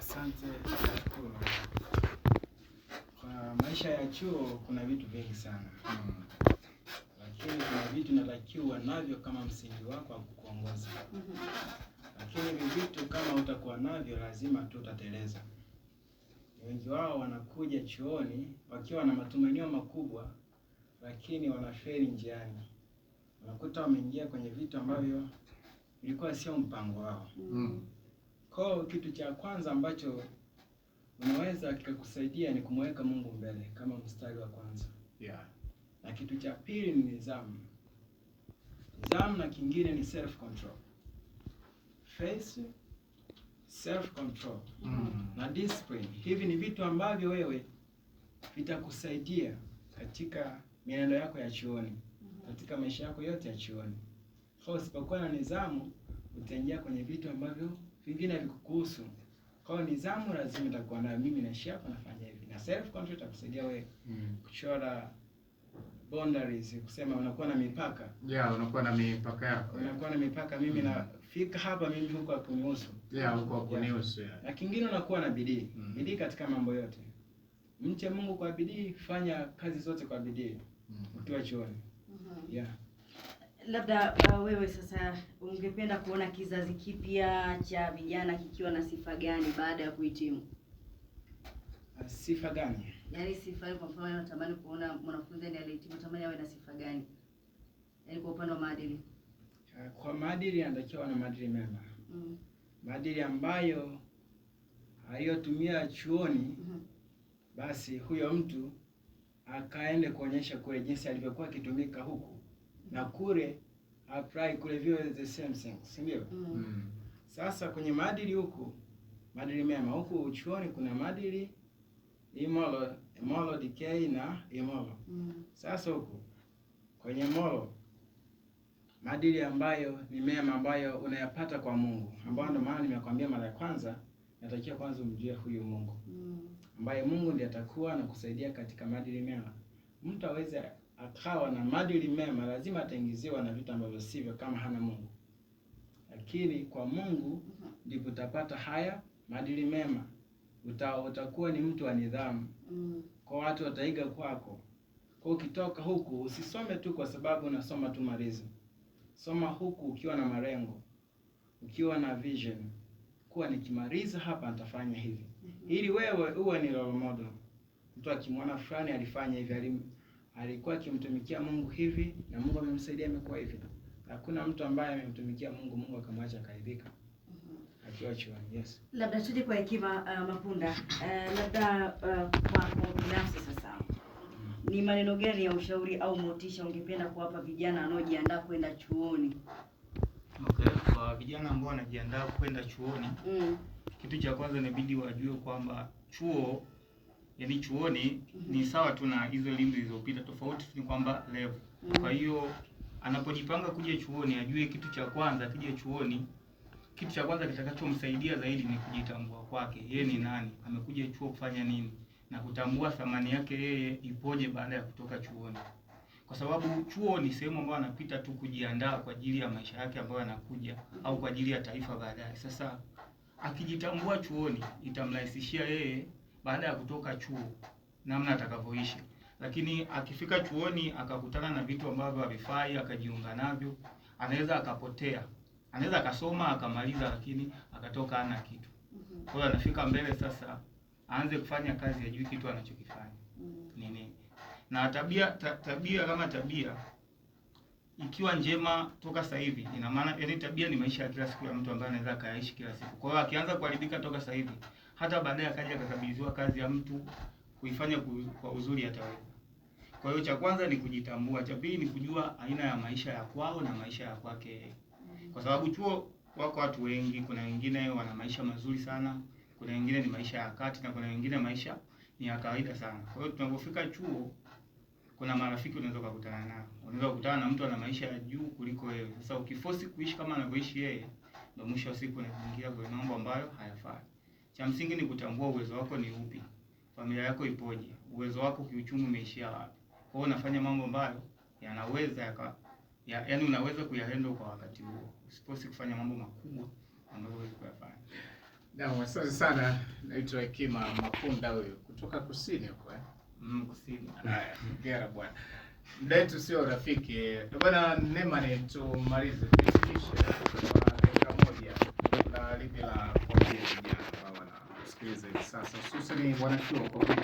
Asante Kwa maisha ya chuo kuna vitu vingi sana hmm. Lakini kuna vitu natakiwa navyo kama msingi wako wa kukuongoza Lakini hivi vitu kama utakuwa navyo lazima tu utateleza. Wengi wao wanakuja chuoni wakiwa na matumanio makubwa, lakini wanafeli njiani, unakuta wameingia kwenye vitu ambavyo ilikuwa sio mpango wao. Mm. Kwa kitu cha kwanza ambacho unaweza kikakusaidia ni kumweka Mungu mbele kama mstari wa kwanza. Yeah. Na kitu cha pili ni nidhamu. Nidhamu na kingine ni self control. Faith, self control. Mm. Na discipline. Hivi ni vitu ambavyo wewe vitakusaidia katika mienendo yako ya chuoni, katika maisha yako yote ya chuoni. Kwa usipokuwa na nidhamu, utaingia kwenye vitu ambavyo vingine havikukuhusu. Kwa hiyo nidhamu lazima itakuwa nayo. Mimi naishi hapa, nafanya hivi, na self control itakusaidia wewe mm. kuchora boundaries, kusema unakuwa na mipaka yeah, unakuwa na mipaka yako, unakuwa na mipaka mimi mm. nafika hapa, mimi huko akunihusu yeah, huko akunihusu yeah. na kingine unakuwa na bidii mm. bidii katika mambo yote, mche Mungu kwa bidii, fanya kazi zote kwa bidii mm. ukiwa chuoni mm -hmm. yeah Labda uh, wewe sasa ungependa kuona kizazi kipya cha vijana kikiwa na sifa gani baada ya kuhitimu? Ah, sifa gani? Yaani sifa hiyo, kwa mfano, unatamani kuona mwanafunzi aliyehitimu, unatamani awe na sifa gani? Yaani kwa upande wa maadili. Uh, kwa maadili anatakiwa na maadili mema. Mm. Maadili ambayo aliyotumia chuoni, mm -hmm. Basi huyo mtu akaende kuonyesha kwa jinsi alivyokuwa akitumika huku na kule apply kule vile the same thing, si ndio? Mm. mm. Sasa kwenye maadili huku, maadili mema huku uchuoni kuna maadili imolo imolo decay na imolo Mm. Sasa huku kwenye molo maadili ambayo ni mema ambayo unayapata kwa Mungu ambayo ndio maana nimekwambia mara ya kwanza natakiwa kwanza umjue huyu Mungu mm. ambaye Mungu ndiye atakuwa na kusaidia katika maadili mema. Mtu aweze akawa na maadili mema, lazima ataingiziwa na vitu ambavyo sivyo, kama hana Mungu. Lakini kwa Mungu ndipo utapata haya maadili mema, uta, utakuwa ni mtu wa nidhamu, mm. kwa watu wataiga kwako. Kwa ukitoka huku, usisome tu kwa sababu unasoma tu malizi, Soma huku ukiwa na malengo, ukiwa na vision kuwa nikimaliza hapa nitafanya hivi, mm-hmm. ili wewe uwe ni role model. Mtu akimwona fulani alifanya hivi, alim, alikuwa akimtumikia Mungu hivi na Mungu amemsaidia amekuwa hivi. Hakuna mtu ambaye amemtumikia Mungu Mungu akamwacha akaidhika. Mm-hmm. Akiwa chuoni, yes. Labda tuje kwa hekima uh, Mapunda. Uh, labda uh, binafsi sasa. Mm-hmm. Ni maneno gani ya ushauri au motisha ungependa kuwapa vijana wanaojiandaa kwenda chuoni? Okay, kwa vijana ambao wanajiandaa kwenda chuoni. Mm. Kitu cha kwanza inabidi wajue kwamba chuo yani chuoni ni mhm. sawa tu na hizo elimu zilizopita, tofauti ni kwamba level mhm. kwa hiyo anapojipanga kuja chuoni ajue kitu cha kwanza, akija chuoni kitu cha kwanza kitakachomsaidia zaidi ni kujitambua kwake, yeye ni nani, amekuja chuo kufanya nini, na kutambua thamani yake yeye ipoje baada ya kutoka chuoni, kwa sababu chuo ni sehemu ambayo anapita tu kujiandaa kwa ajili ya maisha yake ambayo anakuja mhm. au kwa ajili ya taifa baadaye. Sasa akijitambua chuoni, itamrahisishia yeye baada ya kutoka chuo namna atakavyoishi, lakini akifika chuoni akakutana na vitu ambavyo havifai akajiunga navyo, anaweza akapotea, anaweza akasoma akamaliza, lakini akatoka hana kitu. Mhm. Kwa hiyo anafika mbele sasa, aanze kufanya kazi, ajui kitu anachokifanya mhm. nini. Na tabia ta, tabia kama tabia ikiwa njema toka sasa hivi, ina maana yaani tabia ni maisha ya kila siku ya mtu ambaye anaweza akaishi kila siku. Kwa hiyo akianza kuharibika toka sasa hivi hata baadaye akaja akakabidhiwa kazi ya mtu kuifanya kwa uzuri ataweza. Kwa hiyo cha kwanza ni kujitambua, cha pili ni kujua aina ya maisha ya kwao na maisha ya kwake, kwa sababu chuo wako watu wengi. Kuna wengine wana maisha mazuri sana, kuna wengine ni maisha ya kati, na kuna wengine maisha ni ya kawaida sana. Kwa hiyo tunapofika chuo, kuna marafiki unaweza kukutana nao, unaweza kukutana na mtu ana maisha ya juu kuliko wewe. Sasa ukifosi kuishi kama anavyoishi yeye, ndio mwisho wa siku unaingia kwenye mambo ambayo hayafai. Cha msingi ni kutambua uwezo wako ni upi, familia yako ipoje, uwezo wako kiuchumi umeishia wapi. Kwa hiyo unafanya mambo ambayo yanaweza yaka ya, yani unaweza kuyahendo kwa wakati huo, usikose kufanya mambo makubwa ambayo huwezi kuyafanya. Na asante sana, naitwa Hekima Mapunda huyo kutoka kusini huko eh. Mm, kusini. Haya, ngera bwana. Mda wetu sio rafiki. Bwana Neema ni tumalize tufikishe kwa dakika moja na lipi la kwa vijana wasikilizaji sasa, hususani wanachuo kwa